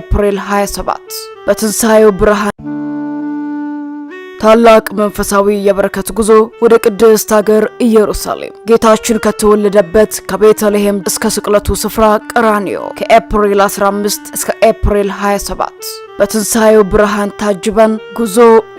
ኤፕሪል 27 በትንሣኤው ብርሃን ታላቅ መንፈሳዊ የበረከት ጉዞ ወደ ቅድስት አገር ኢየሩሳሌም ጌታችን ከተወለደበት ከቤተልሔም እስከ ስቅለቱ ስፍራ ቀራኒዮ ከኤፕሪል 15 እስከ ኤፕሪል 27 በትንሣኤው ብርሃን ታጅበን ጉዞ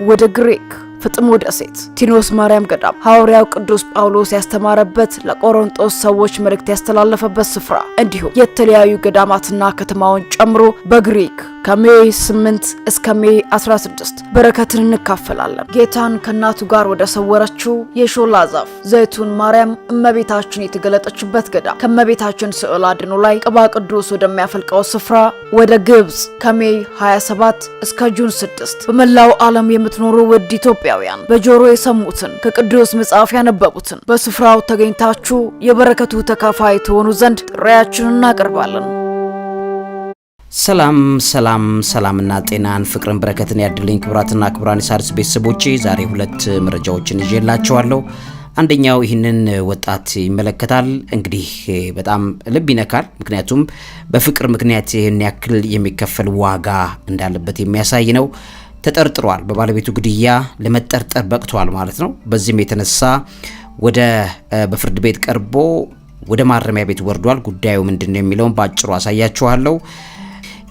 ወደ ግሪክ ፍጥሞ ደሴት ቲኖስ ማርያም ገዳም ሐዋርያው ቅዱስ ጳውሎስ ያስተማረበት ለቆሮንጦስ ሰዎች መልእክት ያስተላለፈበት ስፍራ እንዲሁም የተለያዩ ገዳማትና ከተማውን ጨምሮ በግሪክ ከሜይ 8 እስከ ሜይ 16 በረከትን እንካፈላለን። ጌታን ከእናቱ ጋር ወደ ሰወረችው የሾላ ዛፍ ዘይቱን ማርያም እመቤታችን የተገለጠችበት ገዳም ከእመቤታችን ስዕል አድኑ ላይ ቅባ ቅዱስ ወደሚያፈልቀው ስፍራ ወደ ግብፅ ከሜይ 27 እስከ ጁን 6 በመላው ዓለም የምትኖሩ ውድ ኢትዮጵያውያን በጆሮ የሰሙትን ከቅዱስ መጽሐፍ ያነበቡትን በስፍራው ተገኝታችሁ የበረከቱ ተካፋይ ትሆኑ ዘንድ ጥሪያችንን እናቀርባለን። ሰላም ሰላም ሰላምና ጤናን ፍቅርን በረከትን ያድልኝ ክብራትና ክብራን የሣድስ ቤተሰቦቼ ዛሬ ሁለት መረጃዎችን ይዤላችኋለሁ። አንደኛው ይህንን ወጣት ይመለከታል። እንግዲህ በጣም ልብ ይነካል። ምክንያቱም በፍቅር ምክንያት ይህን ያክል የሚከፈል ዋጋ እንዳለበት የሚያሳይ ነው። ተጠርጥሯል። በባለቤቱ ግድያ ለመጠርጠር በቅቷል ማለት ነው። በዚህም የተነሳ ወደ በፍርድ ቤት ቀርቦ ወደ ማረሚያ ቤት ወርዷል። ጉዳዩ ምንድን ነው የሚለውን በአጭሩ አሳያችኋለሁ።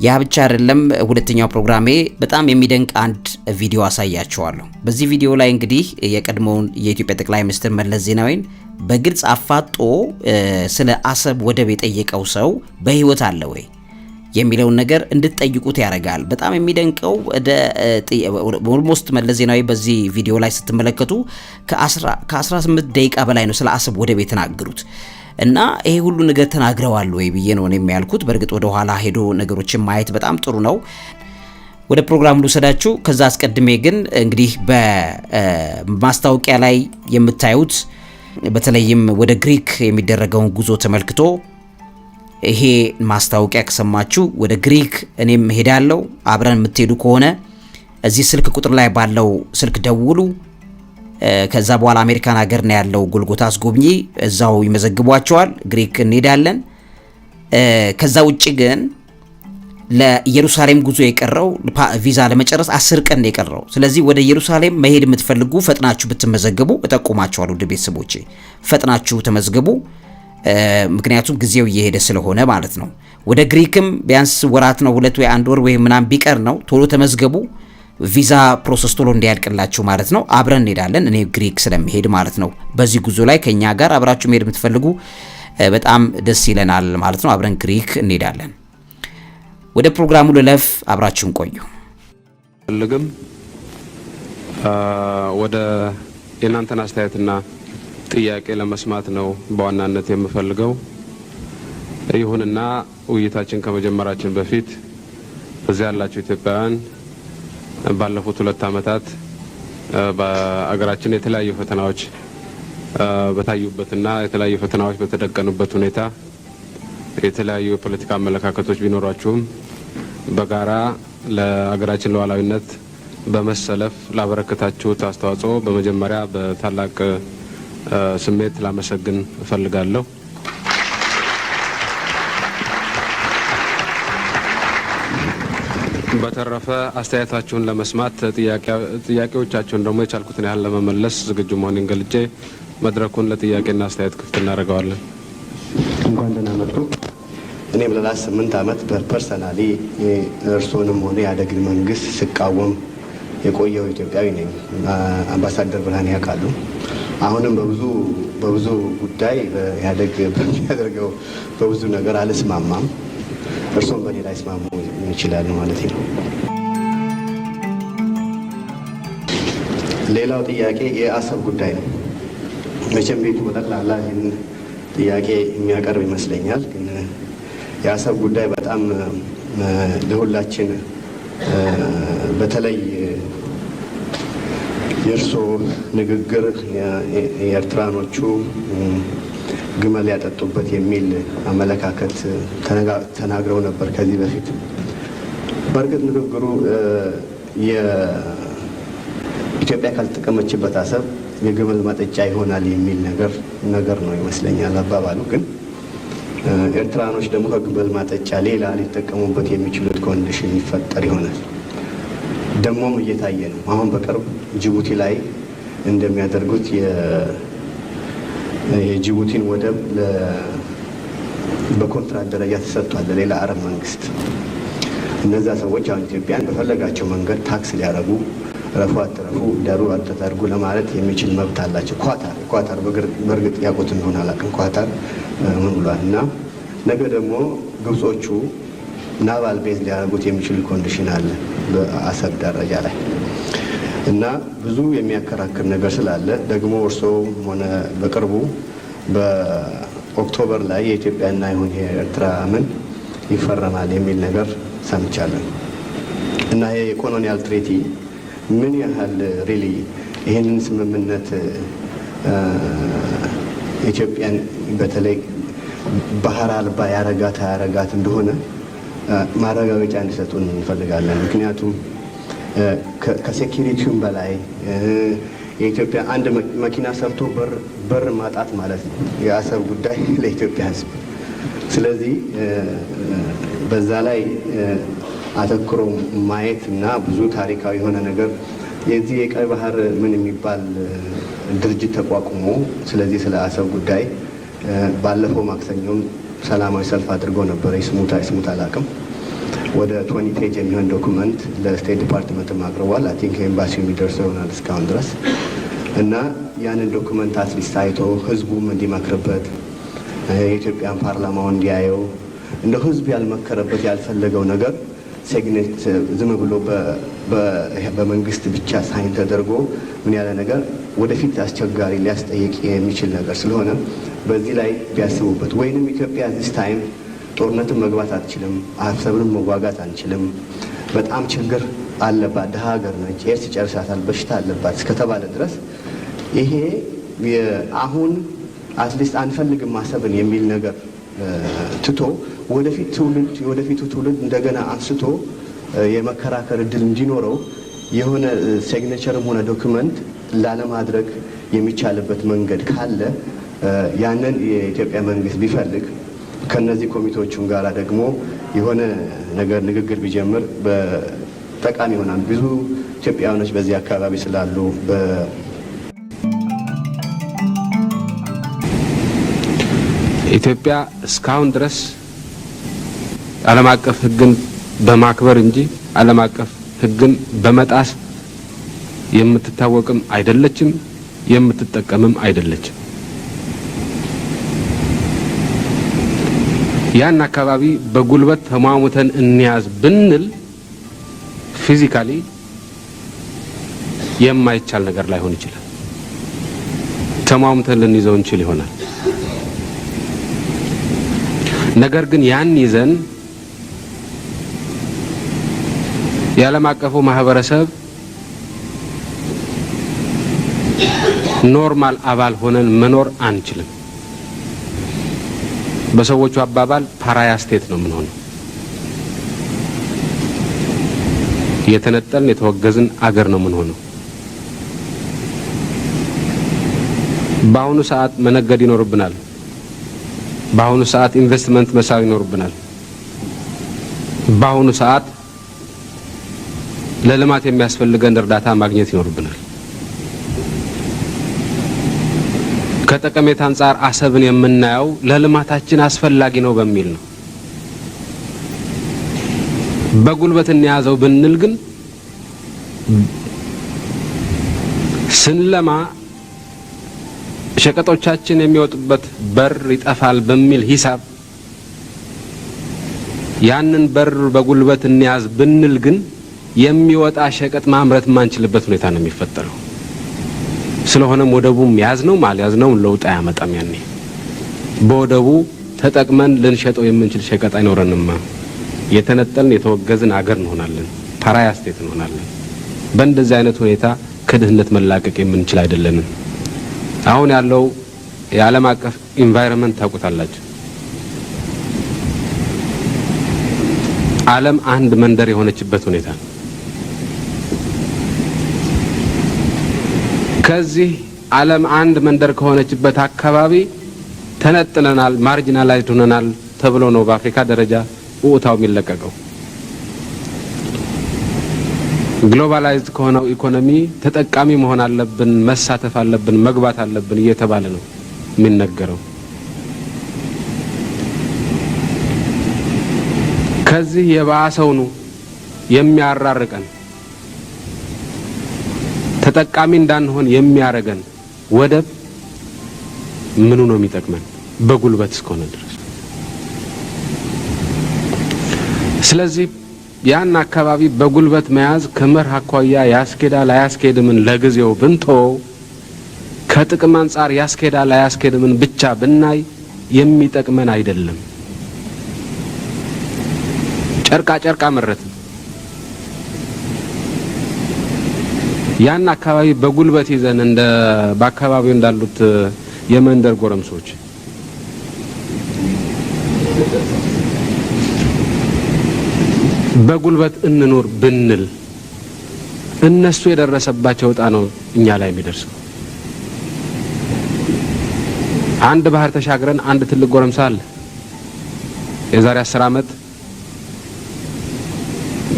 ያ ብቻ አይደለም። ሁለተኛው ፕሮግራሜ በጣም የሚደንቅ አንድ ቪዲዮ አሳያችኋለሁ። በዚህ ቪዲዮ ላይ እንግዲህ የቀድሞውን የኢትዮጵያ ጠቅላይ ሚኒስትር መለስ ዜናዊን በግልጽ አፋጦ ስለ አሰብ ወደብ የጠየቀው ሰው በህይወት አለ ወይ የሚለውን ነገር እንድትጠይቁት ያደርጋል። በጣም የሚደንቀው ኦልሞስት መለስ ዜናዊ በዚህ ቪዲዮ ላይ ስትመለከቱ ከ18 ደቂቃ በላይ ነው ስለ አሰብ ወደብ የተናገሩት። እና ይሄ ሁሉ ነገር ተናግረዋል ወይ ብዬ ነው እኔም ያልኩት። በእርግጥ ወደ ኋላ ሄዶ ነገሮችን ማየት በጣም ጥሩ ነው። ወደ ፕሮግራም ልውሰዳችሁ። ከዛ አስቀድሜ ግን እንግዲህ በማስታወቂያ ላይ የምታዩት በተለይም ወደ ግሪክ የሚደረገውን ጉዞ ተመልክቶ ይሄ ማስታወቂያ ከሰማችሁ ወደ ግሪክ እኔም ሄዳለሁ፣ አብረን የምትሄዱ ከሆነ እዚህ ስልክ ቁጥር ላይ ባለው ስልክ ደውሉ ከዛ በኋላ አሜሪካን ሀገር ነው ያለው ጉልጎታ አስጎብኚ፣ እዛው ይመዘግቧቸዋል። ግሪክ እንሄዳለን። ከዛ ውጭ ግን ለኢየሩሳሌም ጉዞ የቀረው ቪዛ ለመጨረስ አስር ቀን የቀረው። ስለዚህ ወደ ኢየሩሳሌም መሄድ የምትፈልጉ ፈጥናችሁ ብትመዘገቡ እጠቁማችኋል። ውድ ቤተሰቦቼ ፈጥናችሁ ተመዝገቡ፣ ምክንያቱም ጊዜው እየሄደ ስለሆነ ማለት ነው። ወደ ግሪክም ቢያንስ ወራት ነው፣ ሁለት ወይ አንድ ወር ወይ ምናም ቢቀር ነው። ቶሎ ተመዝገቡ። ቪዛ ፕሮሰስ ቶሎ እንዲያልቅላችሁ ማለት ነው። አብረን እንሄዳለን። እኔ ግሪክ ስለሚሄድ ማለት ነው። በዚህ ጉዞ ላይ ከኛ ጋር አብራችሁ መሄድ የምትፈልጉ በጣም ደስ ይለናል ማለት ነው። አብረን ግሪክ እንሄዳለን። ወደ ፕሮግራሙ ልለፍ። አብራችሁን ቆዩ። ፈልግም ወደ የእናንተን አስተያየትና ጥያቄ ለመስማት ነው በዋናነት የምፈልገው። ይሁንና ውይይታችን ከመጀመራችን በፊት እዚያ ያላችሁ ኢትዮጵያውያን ባለፉት ሁለት ዓመታት በአገራችን የተለያዩ ፈተናዎች በታዩበትና የተለያዩ ፈተናዎች በተደቀኑበት ሁኔታ የተለያዩ የፖለቲካ አመለካከቶች ቢኖሯችሁም በጋራ ለአገራችን ሉዓላዊነት በመሰለፍ ላበረከታችሁት አስተዋጽኦ በመጀመሪያ በታላቅ ስሜት ላመሰግን እፈልጋለሁ። በተረፈ አስተያየታችሁን ለመስማት ጥያቄዎቻችሁን ደግሞ የቻልኩትን ያህል ለመመለስ ዝግጁ መሆኔን ገልጬ መድረኩን ለጥያቄና አስተያየት ክፍት እናደርገዋለን። እንኳን ደህና መጡ። እኔም ለላ ስምንት ዓመት በፐርሰናሊ እርስዎንም ሆነ የአደግን መንግስት ስቃወም የቆየው ኢትዮጵያዊ ነኝ። አምባሳደር ብርሃን ያውቃሉ። አሁንም በብዙ በብዙ ጉዳይ ኢህአዴግ በሚያደርገው በብዙ ነገር አልስማማም። እርስዎም በሌላ ይስማሙ ይችላል ማለት ነው። ሌላው ጥያቄ የአሰብ ጉዳይ ነው። መቼም ቤቱ በጠቅላላ ይህን ጥያቄ የሚያቀርብ ይመስለኛል። ግን የአሰብ ጉዳይ በጣም ለሁላችን በተለይ የእርስዎ ንግግር የኤርትራኖቹ ግመል ያጠጡበት የሚል አመለካከት ተናግረው ነበር ከዚህ በፊት በእርግጥ ንግግሩ የኢትዮጵያ ካልተጠቀመችበት አሰብ የግመል ማጠጫ ይሆናል የሚል ነገር ነገር ነው ይመስለኛል አባባሉ። ግን ኤርትራኖች ደግሞ ከግመል ማጠጫ ሌላ ሊጠቀሙበት የሚችሉት ኮንዲሽን ይፈጠር ይሆናል። ደግሞም እየታየ ነው። አሁን በቅርብ ጅቡቲ ላይ እንደሚያደርጉት የጅቡቲን ወደብ በኮንትራት ደረጃ ተሰጥቷል ለሌላ አረብ መንግስት እነዛ ሰዎች አሁን ኢትዮጵያን በፈለጋቸው መንገድ ታክስ ሊያረጉ ረፉ አትረፉ ደሩ አትጠርጉ ለማለት የሚችል መብት አላቸው። ኳታር ኳታር በእርግጥ ያውቁት እንደሆነ አላውቅም። ኳታር ምን ብሏል? እና ነገ ደግሞ ግብጾቹ ናቫል ቤዝ ሊያደርጉት የሚችል ኮንዲሽን አለ በአሰብ ደረጃ ላይ እና ብዙ የሚያከራክር ነገር ስላለ ደግሞ እርስዎም ሆነ በቅርቡ በኦክቶበር ላይ የኢትዮጵያና ይሁን የኤርትራ ምን ይፈረማል የሚል ነገር ሰምቻለን። እና የኮሎኒያል ትሬቲ ምን ያህል ሪሊ ይህንን ስምምነት ኢትዮጵያን በተለይ ባህር አልባ ያረጋት አያረጋት እንደሆነ ማረጋገጫ እንዲሰጡን እንፈልጋለን። ምክንያቱም ከሴኪሪቲውም በላይ የኢትዮጵያ አንድ መኪና ሰርቶ በር ማጣት ማለት ነው የአሰብ ጉዳይ ለኢትዮጵያ ሕዝብ። ስለዚህ በዛ ላይ አተክሮ ማየት እና ብዙ ታሪካዊ የሆነ ነገር የዚህ የቀይ ባህር ምን የሚባል ድርጅት ተቋቁሞ ስለዚህ ስለ አሰብ ጉዳይ ባለፈው ማክሰኞም ሰላማዊ ሰልፍ አድርጎ ነበረ። ይስሙት አይስሙት አላቅም። ወደ ቶኒ ፔጅ የሚሆን ዶኩመንት ለስቴት ዲፓርትመንት አቅርቧል። አይ ቲንክ የሚደርሰው ይሆናል እስካሁን ድረስ እና ያንን ዶኩመንት አትሊስት አይቶ ህዝቡም እንዲመክርበት የኢትዮጵያን ፓርላማውን እንዲያየው እንደ ህዝብ ያልመከረበት ያልፈለገው ነገር ሴግኔት ዝም ብሎ በመንግስት ብቻ ሳይን ተደርጎ ምን ያለ ነገር ወደፊት አስቸጋሪ ሊያስጠይቅ የሚችል ነገር ስለሆነ በዚህ ላይ ቢያስቡበት፣ ወይንም ኢትዮጵያ ዚስ ታይም ጦርነትን መግባት አትችልም፣ አሰብንም መዋጋት አንችልም፣ በጣም ችግር አለባት፣ ድሀ ሀገር ነች፣ ኤርስ ጨርሳታል፣ በሽታ አለባት እስከተባለ ድረስ ይሄ አሁን አትሊስት አንፈልግም ማሰብን የሚል ነገር ትቶ ወደፊት ትውልድ ወደፊቱ ትውልድ እንደገና አንስቶ የመከራከር እድል እንዲኖረው የሆነ ሲግኔቸርም ሆነ ዶክመንት ላለማድረግ የሚቻልበት መንገድ ካለ ያንን የኢትዮጵያ መንግስት ቢፈልግ ከነዚህ ኮሚቴዎቹም ጋር ደግሞ የሆነ ነገር ንግግር ቢጀምር በጠቃሚ ይሆናል። ብዙ ኢትዮጵያውያኖች በዚህ አካባቢ ስላሉ ኢትዮጵያ እስካሁን ድረስ ዓለም አቀፍ ሕግን በማክበር እንጂ ዓለም አቀፍ ሕግን በመጣስ የምትታወቅም አይደለችም፣ የምትጠቀምም አይደለችም። ያን አካባቢ በጉልበት ተሟሙተን እንያዝ ብንል ፊዚካሊ የማይቻል ነገር ላይሆን ይችላል። ተሟሙተን ልንይዘው እንችል ይሆናል። ነገር ግን ያን ይዘን የዓለም አቀፉ ማህበረሰብ ኖርማል አባል ሆነን መኖር አንችልም። በሰዎቹ አባባል ፓራያ ስቴት ነው የምንሆነው። የተነጠልን የተወገዝን አገር ነው የምንሆነው። በአሁኑ ሰዓት መነገድ ይኖርብናል። በአሁኑ ሰዓት ኢንቨስትመንት መሳብ ይኖርብናል። በአሁኑ ሰዓት ለልማት የሚያስፈልገን እርዳታ ማግኘት ይኖርብናል። ከጠቀሜታ አንጻር አሰብን የምናየው ለልማታችን አስፈላጊ ነው በሚል ነው። በጉልበት እንያዘው ብንል ግን ስንለማ ሸቀጦቻችን የሚወጡበት በር ይጠፋል በሚል ሂሳብ ያንን በር በጉልበት እንያዝ ብንል ግን የሚወጣ ሸቀጥ ማምረት የማንችልበት ሁኔታ ነው የሚፈጠረው። ስለሆነም ወደቡም ያዝነውም አልያዝነውም ለውጥ አያመጣም። ያኔ በወደቡ ተጠቅመን ልንሸጠው የምንችል ሸቀጥ አይኖረንማ። የተነጠልን የተወገዝን አገር እንሆናለን። ፓራያ ስቴት እንሆናለን። በእንደዚህ አይነት ሁኔታ ከድህነት መላቀቅ የምንችል አይደለንም። አሁን ያለው የዓለም አቀፍ ኢንቫይሮንመንት ታውቁታላችሁ። ዓለም አንድ መንደር የሆነችበት ሁኔታ ነው። ከዚህ ዓለም አንድ መንደር ከሆነችበት አካባቢ ተነጥለናል፣ ማርጂናላይዝድ ሆነናል ተብሎ ነው በአፍሪካ ደረጃ ውእታው የሚለቀቀው። ግሎባላይዝድ ከሆነው ኢኮኖሚ ተጠቃሚ መሆን አለብን፣ መሳተፍ አለብን፣ መግባት አለብን እየተባለ ነው የሚነገረው። ከዚህ የባሰውኑ የሚያራርቀን ተጠቃሚ እንዳንሆን የሚያረገን ወደብ ምኑ ነው የሚጠቅመን? በጉልበት እስከሆነ ድረስ። ስለዚህ ያን አካባቢ በጉልበት መያዝ ከመርህ አኳያ ያስኬዳ ላያስኬድምን ለጊዜው ብንቶ ከጥቅም አንጻር ያስኬዳ ላያስኬድምን ብቻ ብናይ የሚጠቅመን አይደለም። ጨርቃ ጨርቅ አመረትን። ያን አካባቢ በጉልበት ይዘን እንደ በአካባቢው እንዳሉት የመንደር ጎረምሶች በጉልበት እንኖር ብንል እነሱ የደረሰባቸው እጣ ነው እኛ ላይ የሚደርሰው። አንድ ባህር ተሻግረን አንድ ትልቅ ጎረምሳ አለ። የዛሬ አስር ዓመት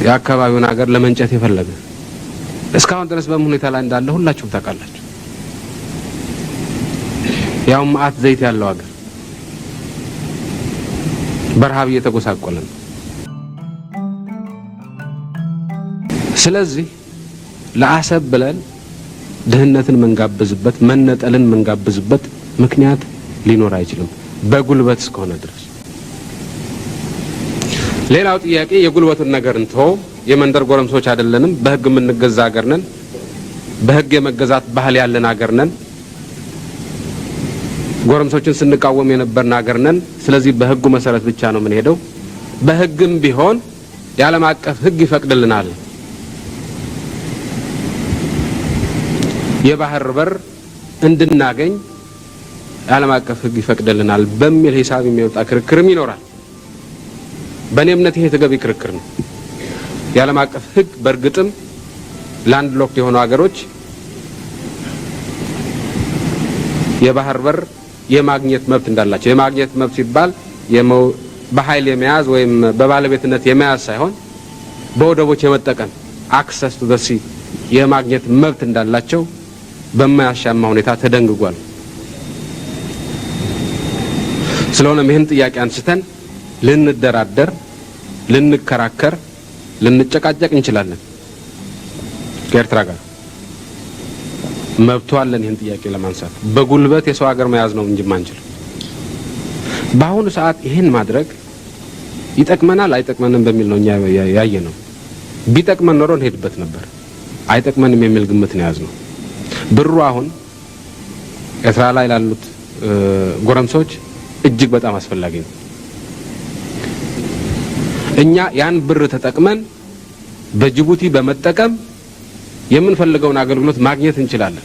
የአካባቢውን ሀገር ለመንጨት የፈለገ እስካሁን ድረስ በምን ሁኔታ ላይ እንዳለ ሁላችሁም ታውቃላችሁ። ያው መዓት ዘይት ያለው ሀገር በረሃብ እየተጎሳቆለ ነው። ስለዚህ ለአሰብ ብለን ድህነትን መንጋብዝበት መነጠልን መንጋብዝበት ምክንያት ሊኖር አይችልም፣ በጉልበት እስከሆነ ድረስ። ሌላው ጥያቄ የጉልበቱን ነገር እንትሆ የመንደር ጎረምሶች አይደለንም። በህግ የምንገዛ ሀገር ነን። በህግ የመገዛት ባህል ያለን ሀገር ነን። ጎረምሶችን ስንቃወም የነበርን ሀገር ነን። ስለዚህ በህጉ መሰረት ብቻ ነው የምንሄደው። በህግም ቢሆን የዓለም አቀፍ ህግ ይፈቅድልናል። የባህር በር እንድናገኝ የዓለም አቀፍ ህግ ይፈቅድልናል በሚል ሂሳብ የሚወጣ ክርክርም ይኖራል። በእኔ እምነት ይሄ ተገቢ ክርክር ነው። የዓለም አቀፍ ሕግ በእርግጥም ላንድ ሎክድ የሆኑ ሀገሮች የባህር በር የማግኘት መብት እንዳላቸው የማግኘት መብት ሲባል በኃይል የመያዝ ወይም በባለቤትነት የመያዝ ሳይሆን በወደቦች የመጠቀም አክሰስ ቱ ሲ የማግኘት መብት እንዳላቸው በማያሻማ ሁኔታ ተደንግጓል። ስለሆነም ይህን ጥያቄ አንስተን ልንደራደር፣ ልንከራከር ልንጨቃጨቅ እንችላለን ከኤርትራ ጋር መብቷ አለን ይህን ጥያቄ ለማንሳት በጉልበት የሰው ሀገር መያዝ ነው እንጂ ማንችል በአሁኑ ሰዓት ይህን ማድረግ ይጠቅመናል አይጠቅመንም በሚል ነው እኛ ያየ ነው ቢጠቅመን ኖሮ እንሄድበት ነበር አይጠቅመንም የሚል ግምት ነው ነው ብሩ አሁን ኤርትራ ላይ ላሉት ጎረምሶች እጅግ በጣም አስፈላጊ ነው እኛ ያን ብር ተጠቅመን በጅቡቲ በመጠቀም የምንፈልገውን አገልግሎት ማግኘት እንችላለን።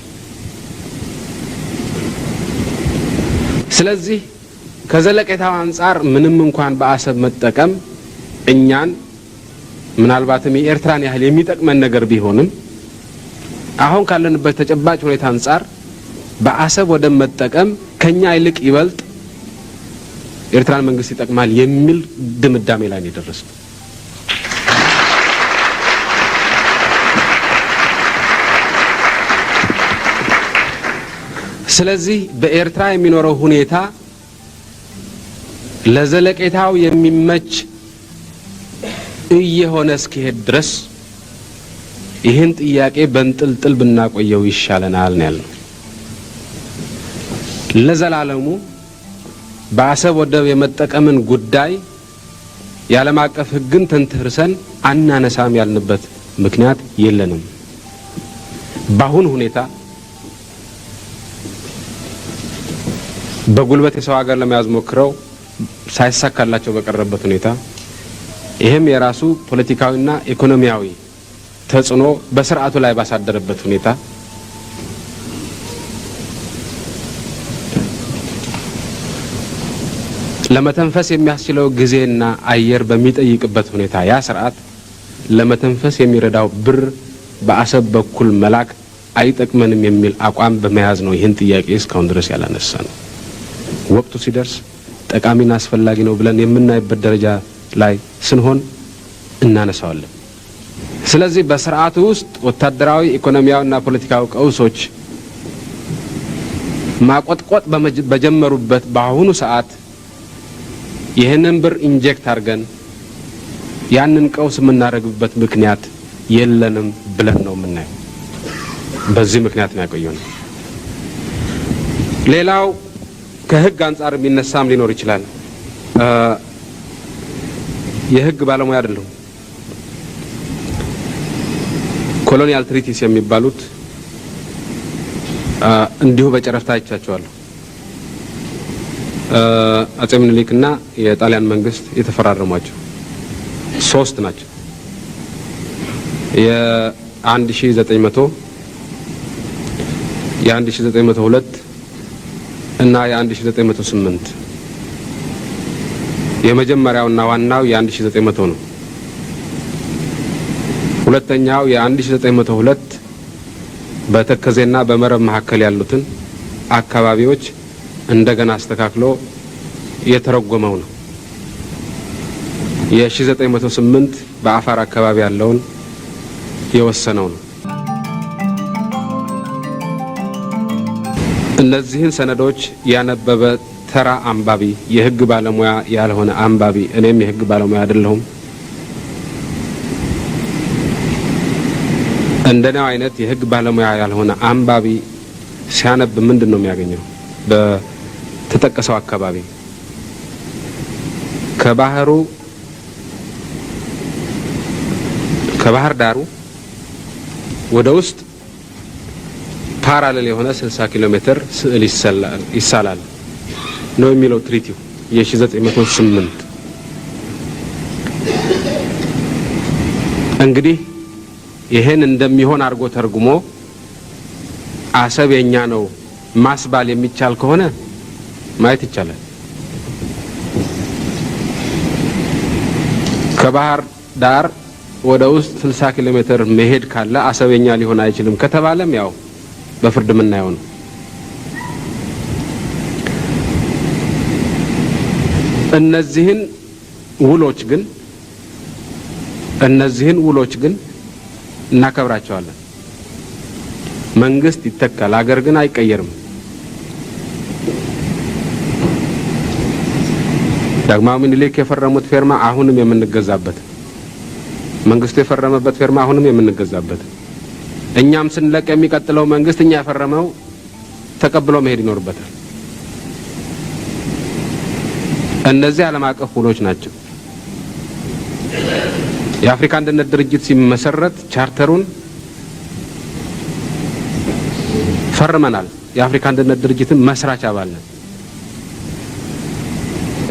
ስለዚህ ከዘለቄታው አንጻር ምንም እንኳን በአሰብ መጠቀም እኛን ምናልባትም የኤርትራን ያህል የሚጠቅመን ነገር ቢሆንም አሁን ካለንበት ተጨባጭ ሁኔታ አንጻር በአሰብ ወደብ መጠቀም ከእኛ ይልቅ ይበልጥ ኤርትራን መንግስት ይጠቅማል የሚል ድምዳሜ ላይ ነው የደረስነው። ስለዚህ በኤርትራ የሚኖረው ሁኔታ ለዘለቄታው የሚመች እየሆነ እስኪሄድ ድረስ ይህን ጥያቄ በንጥልጥል ብናቆየው ይሻለናል ነው ያልነው። ለዘላለሙ በአሰብ ወደብ የመጠቀምን ጉዳይ የዓለም አቀፍ ሕግን ተንተርሰን አናነሳም ያልንበት ምክንያት የለንም። በአሁን ሁኔታ በጉልበት የሰው ሀገር ለመያዝ ሞክረው ሳይሳካላቸው በቀረበት ሁኔታ ይህም የራሱ ፖለቲካዊና ኢኮኖሚያዊ ተጽዕኖ በስርዓቱ ላይ ባሳደረበት ሁኔታ ለመተንፈስ የሚያስችለው ጊዜና አየር በሚጠይቅበት ሁኔታ ያ ስርዓት ለመተንፈስ የሚረዳው ብር በአሰብ በኩል መላክ አይጠቅመንም የሚል አቋም በመያዝ ነው ይህን ጥያቄ እስካሁን ድረስ ያላነሳ ነው። ወቅቱ ሲደርስ ጠቃሚና አስፈላጊ ነው ብለን የምናይበት ደረጃ ላይ ስንሆን እናነሳዋለን። ስለዚህ በስርዓቱ ውስጥ ወታደራዊ፣ ኢኮኖሚያዊና ፖለቲካዊ ቀውሶች ማቆጥቆጥ በጀመሩበት በአሁኑ ሰዓት ይህንን ብር ኢንጀክት አድርገን ያንን ቀውስ የምናደርግበት ምክንያት የለንም ብለን ነው የምናየው። በዚህ ምክንያት ነው ያቆየነው። ነው። ሌላው ከህግ አንጻር የሚነሳም ሊኖር ይችላል። የህግ ባለሙያ አይደለሁም። ኮሎኒያል ትሪቲስ የሚባሉት እንዲሁ በጨረፍታ አይቻቸዋለሁ። አጼ እና የጣሊያን መንግስት የተፈራረሟቸው ሶስት ናቸው። የ1900 የ1902 እና የ1908 እና ዋናው የ1900 ነው። ሁለተኛው የ1902 በተከዜና በመረብ መካከል ያሉትን አካባቢዎች እንደገና አስተካክሎ የተረጎመው ነው። የ1908 በአፋር አካባቢ ያለውን የወሰነው ነው። እነዚህን ሰነዶች ያነበበ ተራ አንባቢ፣ የህግ ባለሙያ ያልሆነ አንባቢ፣ እኔም የህግ ባለሙያ አይደለሁም፣ እንደኔው አይነት የህግ ባለሙያ ያልሆነ አንባቢ ሲያነብ ምንድን ነው የሚያገኘው? ተጠቀሰው አካባቢ ከባህሩ ከባህር ዳሩ ወደ ውስጥ ፓራሌል የሆነ 60 ኪሎ ሜትር ስዕል ይሳላል ነው የሚለው ትሪቲው የ1908 እንግዲህ ይህን እንደሚሆን አድርጎ ተርጉሞ አሰብ የኛ ነው ማስባል የሚቻል ከሆነ ማየት ይቻላል። ከባህር ዳር ወደ ውስጥ 60 ኪሎ ሜትር መሄድ ካለ አሰበኛ ሊሆን አይችልም ከተባለም ያው በፍርድ የምናየው ነው። እነዚህን ውሎች ግን እነዚህን ውሎች ግን እናከብራቸዋለን። መንግስት ይተካል፣ አገር ግን አይቀየርም። ዳግማዊ ምኒልክ የፈረሙት ፌርማ አሁንም የምንገዛበት፣ መንግስቱ የፈረመበት ፌርማ አሁንም የምንገዛበት፣ እኛም ስንለቅ የሚቀጥለው መንግስት እኛ የፈረመው ተቀብሎ መሄድ ይኖርበታል። እነዚህ ዓለም አቀፍ ውሎች ናቸው። የአፍሪካ አንድነት ድርጅት ሲመሰረት ቻርተሩን ፈርመናል። የአፍሪካ አንድነት ድርጅትን መስራች አባል ነን።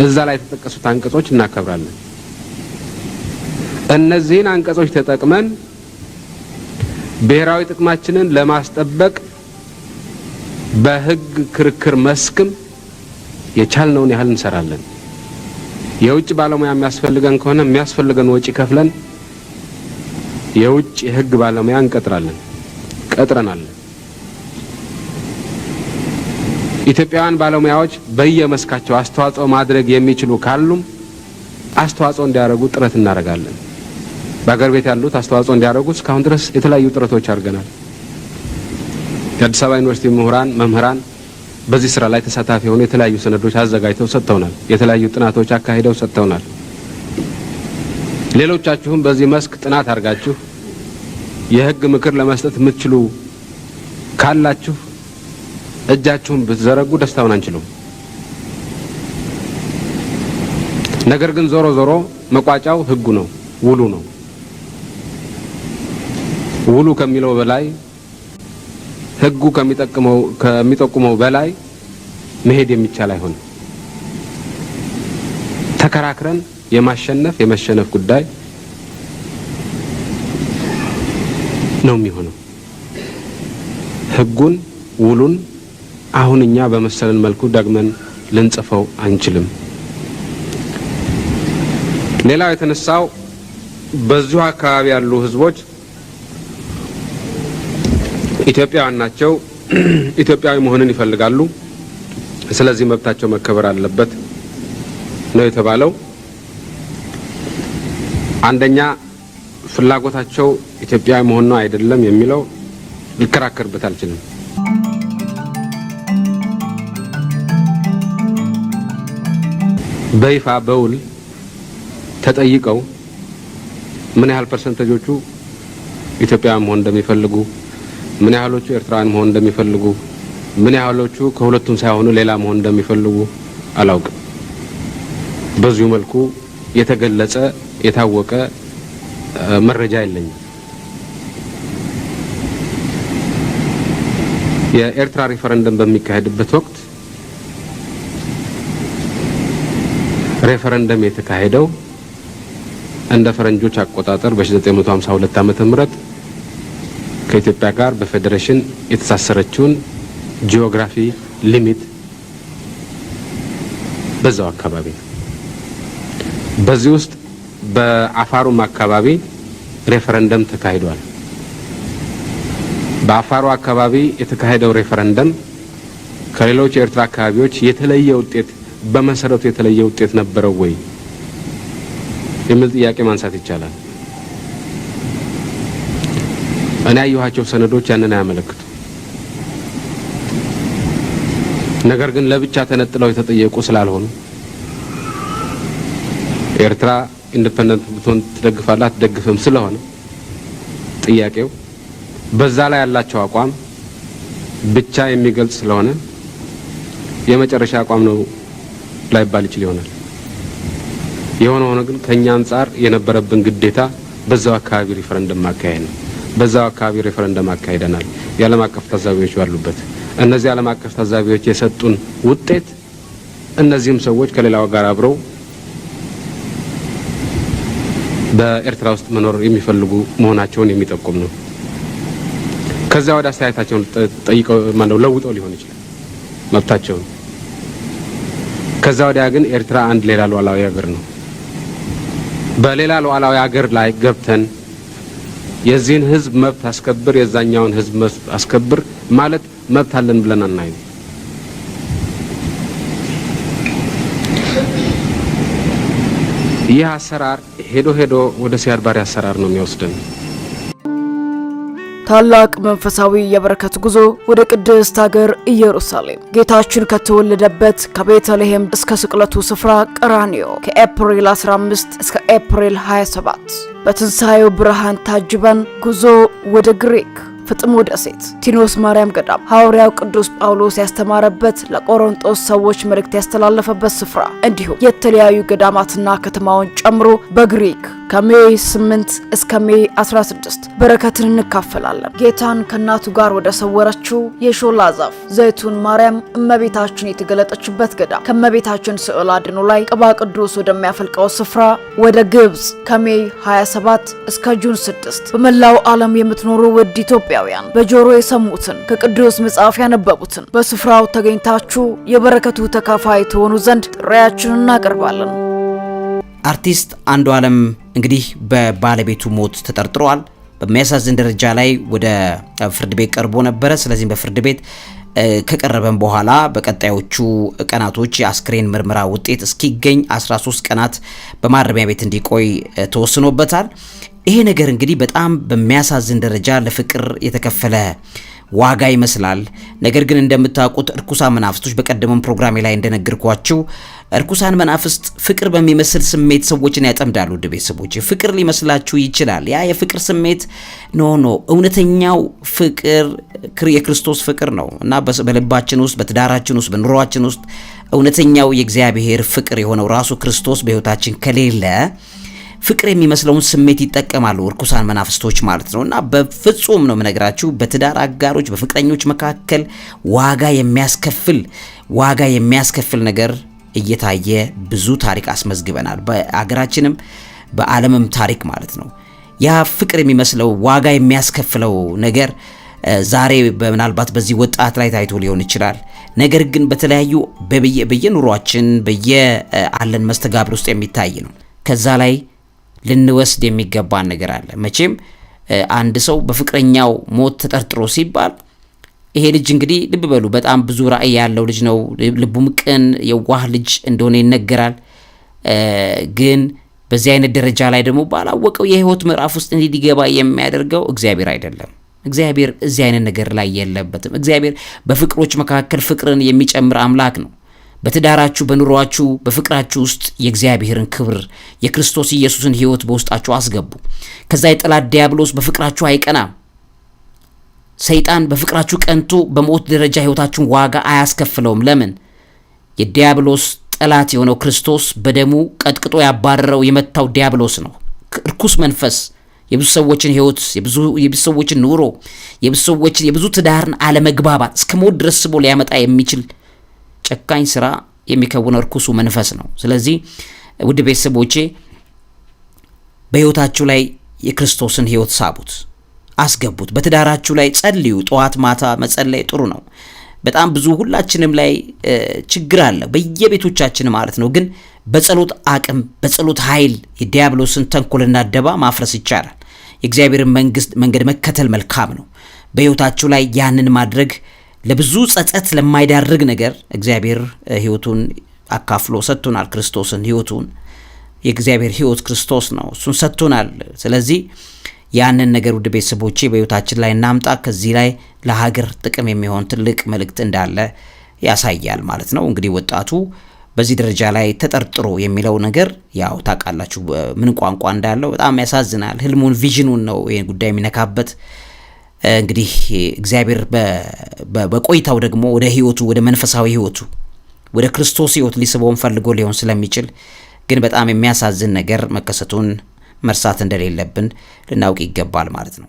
እዛ ላይ የተጠቀሱት አንቀጾች እናከብራለን። እነዚህን አንቀጾች ተጠቅመን ብሔራዊ ጥቅማችንን ለማስጠበቅ በህግ ክርክር መስክም የቻልነውን ያህል እንሰራለን። የውጭ ባለሙያ የሚያስፈልገን ከሆነ የሚያስፈልገን ወጪ ከፍለን የውጭ የህግ ባለሙያ እንቀጥራለን፣ ቀጥረናል። ኢትዮጵያውያን ባለሙያዎች በየመስካቸው አስተዋጽኦ ማድረግ የሚችሉ ካሉም አስተዋጽኦ እንዲያደርጉ ጥረት እናደርጋለን። በአገር ቤት ያሉት አስተዋጽኦ እንዲያደርጉ እስካሁን ድረስ የተለያዩ ጥረቶች አድርገናል። የአዲስ አበባ ዩኒቨርሲቲ ምሁራን፣ መምህራን በዚህ ስራ ላይ ተሳታፊ የሆኑ የተለያዩ ሰነዶች አዘጋጅተው ሰጥተውናል። የተለያዩ ጥናቶች አካሂደው ሰጥተውናል። ሌሎቻችሁም በዚህ መስክ ጥናት አድርጋችሁ የህግ ምክር ለመስጠት የምትችሉ ካላችሁ እጃችሁን ብትዘረጉ ደስታውን አንችሉም። ነገር ግን ዞሮ ዞሮ መቋጫው ህጉ ነው፣ ውሉ ነው። ውሉ ከሚለው በላይ ህጉ ከሚጠቁመው በላይ መሄድ የሚቻል አይሆንም። ተከራክረን የማሸነፍ የመሸነፍ ጉዳይ ነው የሚሆነው ህጉን ውሉን አሁን እኛ በመሰለን መልኩ ደግመን ልንጽፈው አንችልም። ሌላው የተነሳው በዚሁ አካባቢ ያሉ ህዝቦች ኢትዮጵያውያን ናቸው፣ ኢትዮጵያዊ መሆንን ይፈልጋሉ። ስለዚህ መብታቸው መከበር አለበት ነው የተባለው። አንደኛ ፍላጎታቸው ኢትዮጵያዊ መሆን ነው አይደለም የሚለው ልከራከርበት አልችልም። በይፋ በውል ተጠይቀው ምን ያህል ፐርሰንተጆቹ ኢትዮጵያ መሆን እንደሚፈልጉ፣ ምን ያህሎቹ ኤርትራን መሆን እንደሚፈልጉ፣ ምን ያህሎቹ ከሁለቱም ሳይሆኑ ሌላ መሆን እንደሚፈልጉ አላውቅም። በዚሁ መልኩ የተገለጸ የታወቀ መረጃ የለኝም። የኤርትራ ሪፈረንደም በሚካሄድበት ወቅት ሬፈረንደም የተካሄደው እንደ ፈረንጆች አቆጣጠር በ1952 ዓ ም ከኢትዮጵያ ጋር በፌዴሬሽን የተሳሰረችውን ጂኦግራፊ ሊሚት በዛው አካባቢ ነው። በዚህ ውስጥ በአፋሩም አካባቢ ሬፈረንደም ተካሂዷል። በአፋሩ አካባቢ የተካሄደው ሬፈረንደም ከሌሎች የኤርትራ አካባቢዎች የተለየ ውጤት በመሰረቱ የተለየ ውጤት ነበረው ወይ የሚል ጥያቄ ማንሳት ይቻላል። እኔ ያየኋቸው ሰነዶች ያንን አያመለክቱ። ነገር ግን ለብቻ ተነጥለው የተጠየቁ ስላልሆኑ ኤርትራ ኢንዲፐንደንት ብትሆን ትደግፋለህ አትደግፍም ስለሆነ ጥያቄው በዛ ላይ ያላቸው አቋም ብቻ የሚገልጽ ስለሆነ የመጨረሻ አቋም ነው ላይባል ይችል ይሆናል። የሆነ ሆኖ ግን ከእኛ አንጻር የነበረብን ግዴታ በዛው አካባቢ ሪፈረንደም ማካሄድ ነው። በዛው አካባቢ ሪፈረንደም አካሄደናል። የዓለም አቀፍ ታዛቢዎች ባሉበት እነዚህ ዓለም አቀፍ ታዛቢዎች የሰጡን ውጤት እነዚህም ሰዎች ከሌላው ጋር አብረው በኤርትራ ውስጥ መኖር የሚፈልጉ መሆናቸውን የሚጠቁም ነው። ከዚያ ወደ አስተያየታቸውን ጠይቀው ማነው ለውጠው ሊሆን ይችላል መብታቸውን ከዛ ወዲያ ግን ኤርትራ አንድ ሌላ ሉዓላዊ ሀገር ነው። በሌላ ሉዓላዊ ሀገር ላይ ገብተን የዚህን ህዝብ መብት አስከብር፣ የዛኛውን ህዝብ መብት አስከብር ማለት መብት አለን ብለን አናይ። ይህ አሰራር ሄዶ ሄዶ ወደ ሲያድባሪ አሰራር ነው የሚወስደን። ታላቅ መንፈሳዊ የበረከት ጉዞ ወደ ቅድስት ሀገር ኢየሩሳሌም ጌታችን ከተወለደበት ከቤተልሔም እስከ ስቅለቱ ስፍራ ቀራንዮ ከኤፕሪል 15 እስከ ኤፕሪል 27 በትንሣኤው ብርሃን ታጅበን ጉዞ ወደ ግሪክ ፍጥሞ ደሴት ቲኖስ ማርያም ገዳም ሐዋርያው ቅዱስ ጳውሎስ ያስተማረበት ለቆሮንጦስ ሰዎች መልእክት ያስተላለፈበት ስፍራ እንዲሁም የተለያዩ ገዳማትና ከተማውን ጨምሮ በግሪክ ከሜይ 8 እስከ ሜይ 16 በረከትን እንካፈላለን። ጌታን ከእናቱ ጋር ወደ ሰወረችው የሾላ ዛፍ ዘይቱን ማርያም እመቤታችን የተገለጠችበት ገዳም ከእመቤታችን ስዕል አድኑ ላይ ቅባ ቅዱስ ወደሚያፈልቀው ስፍራ ወደ ግብፅ ከሜይ 27 እስከ ጁን 6 በመላው ዓለም የምትኖሩ ውድ ኢትዮጵያ ኢትዮጵያውያን በጆሮ የሰሙትን ከቅዱስ መጽሐፍ ያነበቡትን በስፍራው ተገኝታችሁ የበረከቱ ተካፋይ ትሆኑ ዘንድ ጥሪያችንን እናቀርባለን። አርቲስት አንዱ አለም እንግዲህ በባለቤቱ ሞት ተጠርጥሯል። በሚያሳዝን ደረጃ ላይ ወደ ፍርድ ቤት ቀርቦ ነበረ። ስለዚህም በፍርድ ቤት ከቀረበም በኋላ በቀጣዮቹ ቀናቶች የአስክሬን ምርመራ ውጤት እስኪገኝ 13 ቀናት በማረሚያ ቤት እንዲቆይ ተወስኖበታል። ይሄ ነገር እንግዲህ በጣም በሚያሳዝን ደረጃ ለፍቅር የተከፈለ ዋጋ ይመስላል። ነገር ግን እንደምታውቁት እርኩሳን መናፍስቶች በቀደመም ፕሮግራሜ ላይ እንደነገርኳችሁ እርኩሳን መናፍስት ፍቅር በሚመስል ስሜት ሰዎችን ያጠምዳሉ። ውድ ቤተሰቦች ፍቅር ሊመስላችሁ ይችላል። ያ የፍቅር ስሜት ኖ ኖ፣ እውነተኛው ፍቅር የክርስቶስ ፍቅር ነው እና በልባችን ውስጥ በትዳራችን ውስጥ በኑሯችን ውስጥ እውነተኛው የእግዚአብሔር ፍቅር የሆነው ራሱ ክርስቶስ በሕይወታችን ከሌለ ፍቅር የሚመስለውን ስሜት ይጠቀማሉ እርኩሳን መናፍስቶች ማለት ነው። እና በፍጹም ነው የምነግራችሁ በትዳር አጋሮች፣ በፍቅረኞች መካከል ዋጋ የሚያስከፍል ዋጋ የሚያስከፍል ነገር እየታየ ብዙ ታሪክ አስመዝግበናል። በአገራችንም በዓለምም ታሪክ ማለት ነው። ያ ፍቅር የሚመስለው ዋጋ የሚያስከፍለው ነገር ዛሬ ምናልባት በዚህ ወጣት ላይ ታይቶ ሊሆን ይችላል። ነገር ግን በተለያዩ በየኑሯችን በየአለን መስተጋብር ውስጥ የሚታይ ነው። ከዛ ላይ ልንወስድ የሚገባን ነገር አለ። መቼም አንድ ሰው በፍቅረኛው ሞት ተጠርጥሮ ሲባል ይሄ ልጅ እንግዲህ ልብ በሉ በጣም ብዙ ራዕይ ያለው ልጅ ነው። ልቡም ቅን የዋህ ልጅ እንደሆነ ይነገራል። ግን በዚህ አይነት ደረጃ ላይ ደግሞ ባላወቀው የህይወት ምዕራፍ ውስጥ እንዲህ ሊገባ የሚያደርገው እግዚአብሔር አይደለም። እግዚአብሔር እዚህ አይነት ነገር ላይ የለበትም። እግዚአብሔር በፍቅሮች መካከል ፍቅርን የሚጨምር አምላክ ነው። በትዳራችሁ፣ በኑሯችሁ፣ በፍቅራችሁ ውስጥ የእግዚአብሔርን ክብር የክርስቶስ ኢየሱስን ሕይወት በውስጣችሁ አስገቡ። ከዛ የጠላት ዲያብሎስ በፍቅራችሁ አይቀናም። ሰይጣን በፍቅራችሁ ቀንቶ በሞት ደረጃ ሕይወታችሁን ዋጋ አያስከፍለውም። ለምን? የዲያብሎስ ጠላት የሆነው ክርስቶስ በደሙ ቀጥቅጦ ያባረረው የመታው ዲያብሎስ ነው። እርኩስ መንፈስ የብዙ ሰዎችን ሕይወት የብዙ ሰዎችን ኑሮ የብዙ ሰዎችን የብዙ ትዳርን አለመግባባት እስከ ሞት ድረስ ስቦ ሊያመጣ የሚችል ጨካኝ ስራ የሚከውነው እርኩሱ መንፈስ ነው። ስለዚህ ውድ ቤተሰቦቼ በህይወታችሁ ላይ የክርስቶስን ህይወት ሳቡት፣ አስገቡት። በትዳራችሁ ላይ ጸልዩ። ጠዋት ማታ መጸለይ ጥሩ ነው። በጣም ብዙ ሁላችንም ላይ ችግር አለ፣ በየቤቶቻችን ማለት ነው። ግን በጸሎት አቅም በጸሎት ኃይል የዲያብሎስን ተንኮልና ደባ ማፍረስ ይቻላል። የእግዚአብሔርን መንግስት መንገድ መከተል መልካም ነው። በሕይወታችሁ ላይ ያንን ማድረግ ለብዙ ጸጸት ለማይዳርግ ነገር እግዚአብሔር ህይወቱን አካፍሎ ሰጥቶናል። ክርስቶስን ህይወቱን የእግዚአብሔር ህይወት ክርስቶስ ነው፣ እሱን ሰጥቶናል። ስለዚህ ያንን ነገር ውድ ቤተሰቦቼ በህይወታችን ላይ እናምጣ። ከዚህ ላይ ለሀገር ጥቅም የሚሆን ትልቅ መልእክት እንዳለ ያሳያል ማለት ነው። እንግዲህ ወጣቱ በዚህ ደረጃ ላይ ተጠርጥሮ የሚለው ነገር ያው ታውቃላችሁ ምን ቋንቋ እንዳለው በጣም ያሳዝናል። ህልሙን ቪዥኑን ነው ይህን ጉዳይ የሚነካበት እንግዲህ እግዚአብሔር በቆይታው ደግሞ ወደ ህይወቱ ወደ መንፈሳዊ ህይወቱ ወደ ክርስቶስ ህይወት ሊስበውን ፈልጎ ሊሆን ስለሚችል ግን በጣም የሚያሳዝን ነገር መከሰቱን መርሳት እንደሌለብን ልናውቅ ይገባል ማለት ነው።